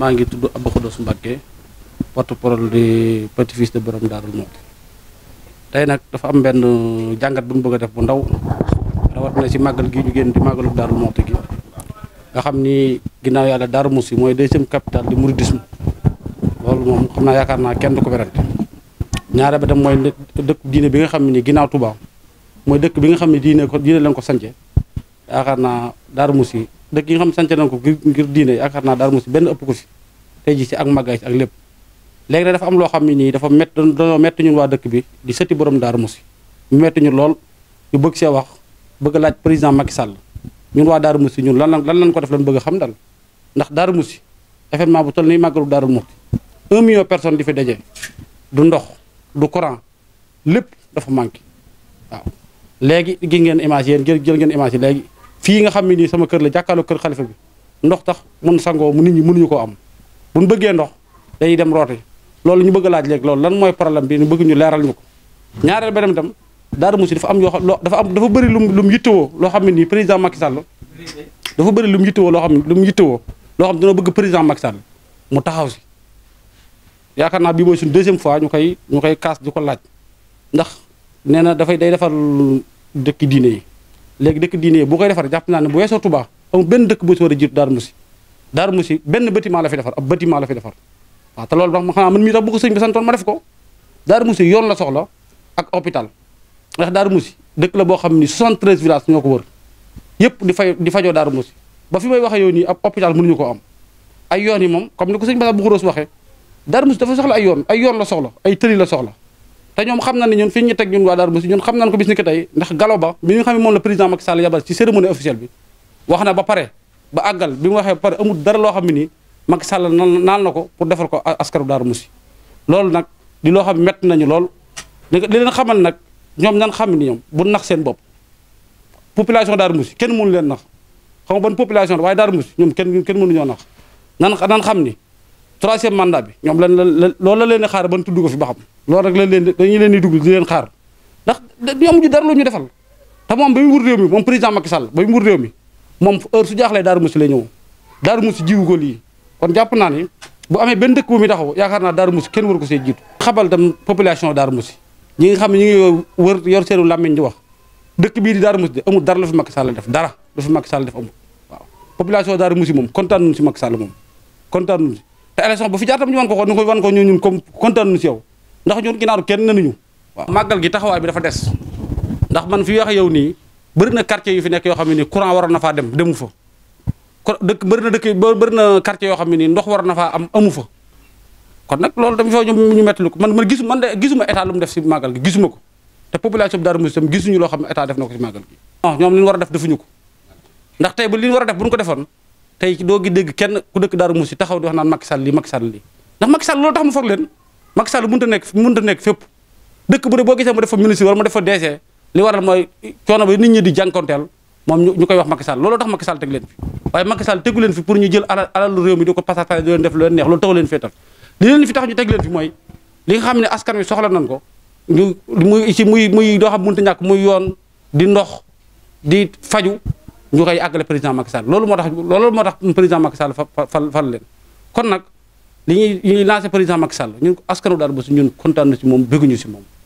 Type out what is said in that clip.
maa ngi tudd Abdou Khoudoss Mbacké porte-parole di petit-fils de borom Darou Mouhty tey nag dafa am benn jàngat bu ñu bëgg a def bu ndaw rawat na ci màggal gi ñu génn di màggalu Darou Mouhty gi nga xam ni ginnaaw yàlla Darou yi mooy deuxième capital du mouridisme loolu moom xam naa yaakaar naa kenn du ko werante ñaare ba dem mooy dëkk diine bi nga xam ni ginnaaw Touba mooy dëkk bi nga xam ne diine ko diine lañ ko sance yaakaar naa Darou Mouhty dëkk yi nga xam sànce nañ ko ngir diine yaakaar naa daal mu si benn ëpp ko fi tey ji si ak màggaay si ak lépp léegi nag dafa am loo xam ne nii dafa mett dañoo mett ñun waa dëkk bi di sëti borom daaru musi mu metti ñu lool ñu bëgg see wax bëgg laaj président Macky Sall ñun waa daaru musi ñun lan lan lan ko def lan bëgg xam dal ndax daaru musi événement bu toll nii màggalu daaru musi un million personne di fi daje du ndox du courant lépp dafa manqué waaw léegi gis ngeen image yéen jël ngeen image fii nga xam ne nii sama kër la jàkkaarloo kër xalifa bi ndox tax mun sangoo mu nit ñi mënuñu koo am buñ bëggee ndox day dem rooti loolu ñu bëgg laaj léegi loolu lan mooy problème bi ñu bëgg ñu leeral ñu ko ñaareel beneen tam Daaru Musi dafa am yoo xam dafa am dafa bëri lum lu mu loo xam ne nii président Macky dafa bëri lu mu loo xam ne lu mu yittewoo loo xam ne dina bëgg président Macky mu taxaw si yaakaar naa bii mooy suñu deuxième fois ñu koy ñu koy kaas di ko laaj ndax nee na dafay day defar dëkk diine yi léegi dëkk diine bu koy defar jàpp naa ne bu weesoo Touba amul benn dëkk bu si war a jiitu Darou Moussi Darou Moussi benn bâtiment la fi defar ab bâtiment la fi defar waaw te loolu ma xanaa man mii tax bu ko sëñ ko Darou Moussi yoon la soxla ak hôpital ndax Darou Moussi dëkk la boo xam ni 73 villages ñoo ko wër yëpp di fay fajoo daar Moussi ba fi may waxee yow nii ab hôpital mënuñu ko am ay yoon yi moom comme ni ko sëñ Basa bu Xuróos waxee Darou Moussi dafa soxla ay yoon ay yoon la soxla ay tëli la soxla te ñoom xam na ne ñun fi ñu teg ñun waa Darou Mousty ñun xam nañ ko bis ni ko tey ndax galo ba mi nga xam ne moom la président Macky Sall yabal ci cérémonie officielle bi wax na ba pare ba àggal bi mu waxee ba pare amul dara loo xam ne nii Macky Sall naan na ko pour defal ko askanu daar Mousty loolu nag di loo xam ne métti nañu lool li leen xamal nag ñoom nan xam ni ñoom bu nax seen bopp population Darou Mousty kenn mënu leen nax xam nga ban population waaye Darou ñoom kenn kenn mënu ñoo nax nan nan xam ni troisième mandat bi ñoom lan la loolu la leen di xaar ban tudd ko fi ba xam loolu rek lañ leen dañu leen di dugg di leen xaar ndax ñoom ñu dara lu ñu defal te moom ba mu wut mi moom président Macky Sall ba mu wut réew mi moom heure su jaaxlee Darou Moussi lay ñëw Darou Moussi jiwu ko jàpp naa ni bu amee benn dëkk bu mi taxaw yaakaar naa daar Moussi kenn war ko see jiitu xabal tam population daar Moussi ñi nga xam ne ñu ngi wër yor seenu làmmiñ di wax dëkk bii di daar Moussi de amul dara la fi Macky Sall def dara la fi Macky Sall def amul population daar Moussi moom kontaan nañu si Macky Sall moom kontaan nañu si te élection bu fi jaar tam ñu wan ko ko ñu koy wan ko ñu ñun comme kontaan nu si yow ndax ñun ginnaaru kenn nanuñu waaw màggal gi taxawaay bi dafa des ndax man fi wax yow nii bëri na quartier yu fi nekk yoo xam ne nii courant waroon na faa dem demu fa dëkk bëri na dëkk bëri na quartier yoo xam ne nii ndox war na faa am amu fa kon nag loolu tamit foofu ñu mettlu ko man man gisu man de gisuma état lu mu def si màggal gi gisuma ko te population bi Darou Mouhty gisuñu loo xam ne état def na ko si màggal gi ñoom li ñu war a def defuñu ko ndax tey ba li ñu war a def bu ñu ko defoon tey doo gi dégg kenn ku dëkk Darou Moussi taxaw di wax naan Macky Sall lii Macky Sall lii ndax Macky Sall loolu tax mu for leen Macky Sall nekk mënut a nekk fépp dëkk bu ne boo gisee mu def fa ministre wala mu def fa DG li waral mooy coono ba nit ñi di jànkonteel moom ñu koy wax Macky Sall looloo tax Macky Sall teg leen fi waaye Macky Sall tegu leen fi pour ñu jël alal alalu réew mi di ko pasataane di def lu leen neex loolu taxu leen féetal li leen fi tax ñu teg leen fi xam ne askan wi soxla nañ ko ñu muy ci muy muy doo xam mënut a ñàkk muy di ndox di faju ñu koy àggale président Macky Sall loolu moo tax loolu moo tax président Macky Sall fal fal leen kon nag li ñuy ñuy lancé président Macky Sall ñun askanu daal ba su ñun kontaan na moom bëgguñu si moom